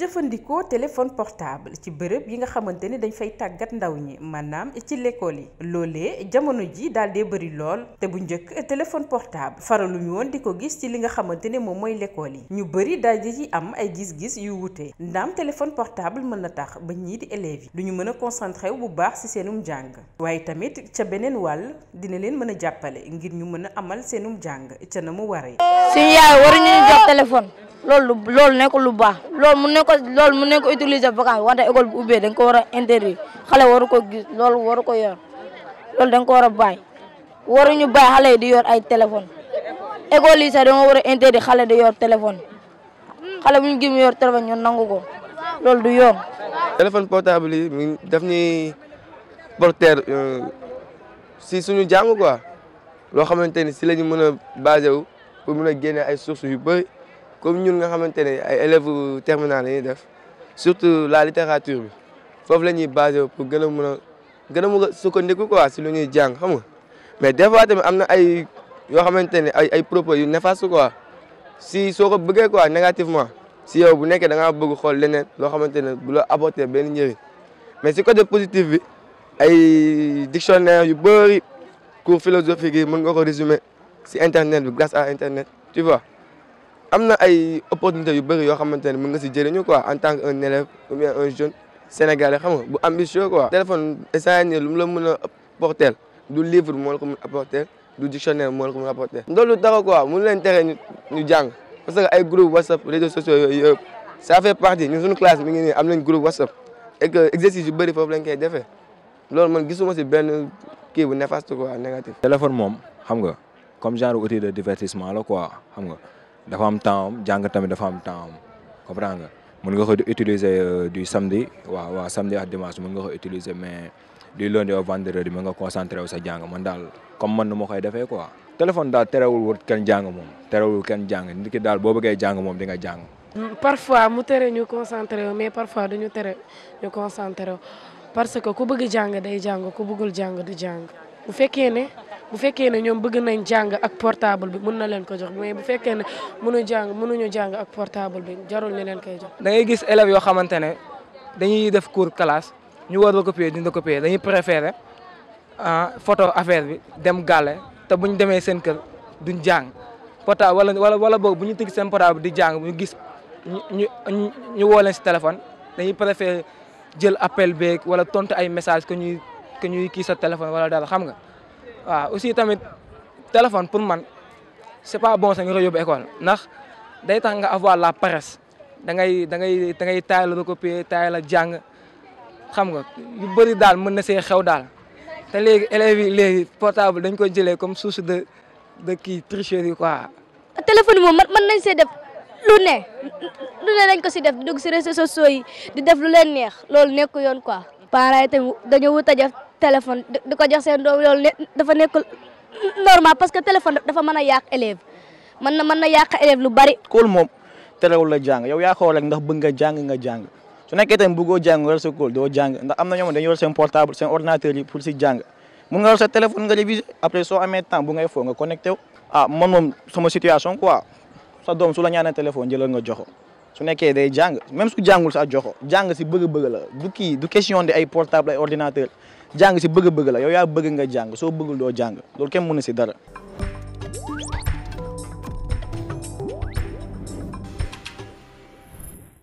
jëfandikoo téléphone portable ci bërëb yi nga xamante ni dañ fay tàggat ndaw ñi maanaam ci lekkool yi loolee jamono ji daal dee bëri lool te bu njëkk téléphone portable faraluñu woon di ko gis ci li nga xamante ne moom mooy lekkool yi ñu bëri daal di ci am ay gis-gis yu wute ndaam téléphone portable mën na tax ba ñii di élèves yi duñu mën a concentré bu baax ci seenum jàng waaye tamit ca beneen wàll dina leen mën a jàppale ngir ñu mën a amal seenum jàng ca na mu waree. suñu loolu lool nekkul lu baax lool mu nañ ko loolu mun nañ ko utiliser vacance wante école bu ubbee dañ ko war a interdire xale waru ko gis loolu waru ko yor loolu dañ ko war a bàyyi waruñu bàyyi xale yi di yor ay téléphone école yi sax war a interdire xale di yor téléphone xale bu ñu gis mu yor téléphone ñun nangu ko loolu du yoon. téléphone portable yi mi daf ñuy porter euh, si suñu jàng quoi loo xamante ni si la ñu mën a basé wu pour a génne ay sources yu bëri. comme ñun nga xamante ne ay élèves terminale la ñuy def surtout la littérature bi foofu la ñuy base pour gën a mën a gën a mën a sukkandiku quoi si lu ñuy jàng xam nga mais des fois am na ay yoo xamante ne ay ay propos yu néfaste quoi si soo ko bëggee quoi négativement si yow bu nekkee da ngaa bëgg xool leneen loo xamante ne bu la apporter benn njëriñ mais si côté positive bi ay dictionnaire yu bëri cours philosophique yi mën nga ko résumer si internet bi grâce à internet tu vois. am na ay opportunité yu bëri yoo xamante ne mën nga si jëriñu quoi en tant que un élève ou bien un jeune sénégalais xam nga bu ambitieux quoi. téléphone essayé ni lu mu la mën a apporter du livre moo la ko mën apporter du dictionnaire moo la ko mën apporter. loolu dara quoi mënu leen tere ñu ñu jàng parce que ay groupe whatsapp réseaux sociaux yooyu yëpp ça fait partie ñun suñu classe mi ngi nii am nañ groupe whatsapp et que exercice yu bëri foofu lañ koy defee loolu man gisuma si benn kii bu néfaste quoi négatif. téléphone moom xam nga comme genre outil de divertissement la quoi xam nga. dafa am temps am jàng tamit dafa am temps mun nga ko utiliser euh, du samedi waaw waaw samedi ak dimanche mun nga ko utiliser mais du lundi au vendredi mun nga concentré sa jàng man daal comme man nu ma koy defee quoi. téléphone daal terewul wut kenn jàng moom terewul kenn jàng nit ki daal boo bëggee jàng moom di nga jàng. Mm, parfois mu tere ñu concentré wu mais parfois duñu tere ñu concentré parce que ku bëgg jàng day jàng ku bëggul jàng du jàng bu fekkee ne. bu fekkee ne ñoom bëgg nañ jàng ak portable bi mun na leen ko jox mais bu fekkee ne mënu jàng mënuñu jàng ak portable bi jarul ñu leen koy jox. da gis élèves yoo xamante ne dañuy def cours classe ñu war recopier duñ recopier dañuy préféré ah photo affaire bi dem gàlle te buñ demee seen kër duñ jàng portable wala wala wala boog bu ñu tëgg seen portable di jàng ñu gis ñu ñu ñu woo si téléphone dañuy préféré jël appel beeg wala tontu ay message que ñuy que ñuy kii sa téléphone wala dara xam nga. waaw aussi tamit téléphone pour man c'est pas bon sax nga koy yóbbu école ndax day tax nga avoir la pares da ngay da ngay da ngay taay la recopier taay la jàng xam nga bëri daal mën na see xew daal te léegi élèves yi léegi portable dañ ko jëlee comme source de de kii tricherie quoi. téléphone moom man mën nañ def lu ne lu ne ko si def di dugg si réseaux sociaux yi def lu leen neex loolu nekk yoon quoi. parents yi tamit dañoo téléphone di ko jox seen doom loolu dafa nekk normal parce que téléphone dafa mën a yàq élève mën na mën na yàq lu bari. kool moom terewul la jàng yow yaa ko rek ndax bëgg nga jàng nga jàng su nekkee tamit bëggoo jàng nga yor sa kool doo jàng ndax am na ñoom dañuy yor seen portable ordinateur yi pour si jàng mun nga yor nga réviser après soo amee temps bu ngay foo nga connecté wu. ah man moom sama situation quoi sa doom su la ñaanee téléphone jëlal nga joxo su nekkee day jàng même su jàngul sa joxo jàng si bëgg-bëgg la du kii du question di ay portable ay ordinateur jàng si bëgg-bëgg la yow yaa bëgg nga jàng soo bëggul doo jàng loolu kenn mën na si dara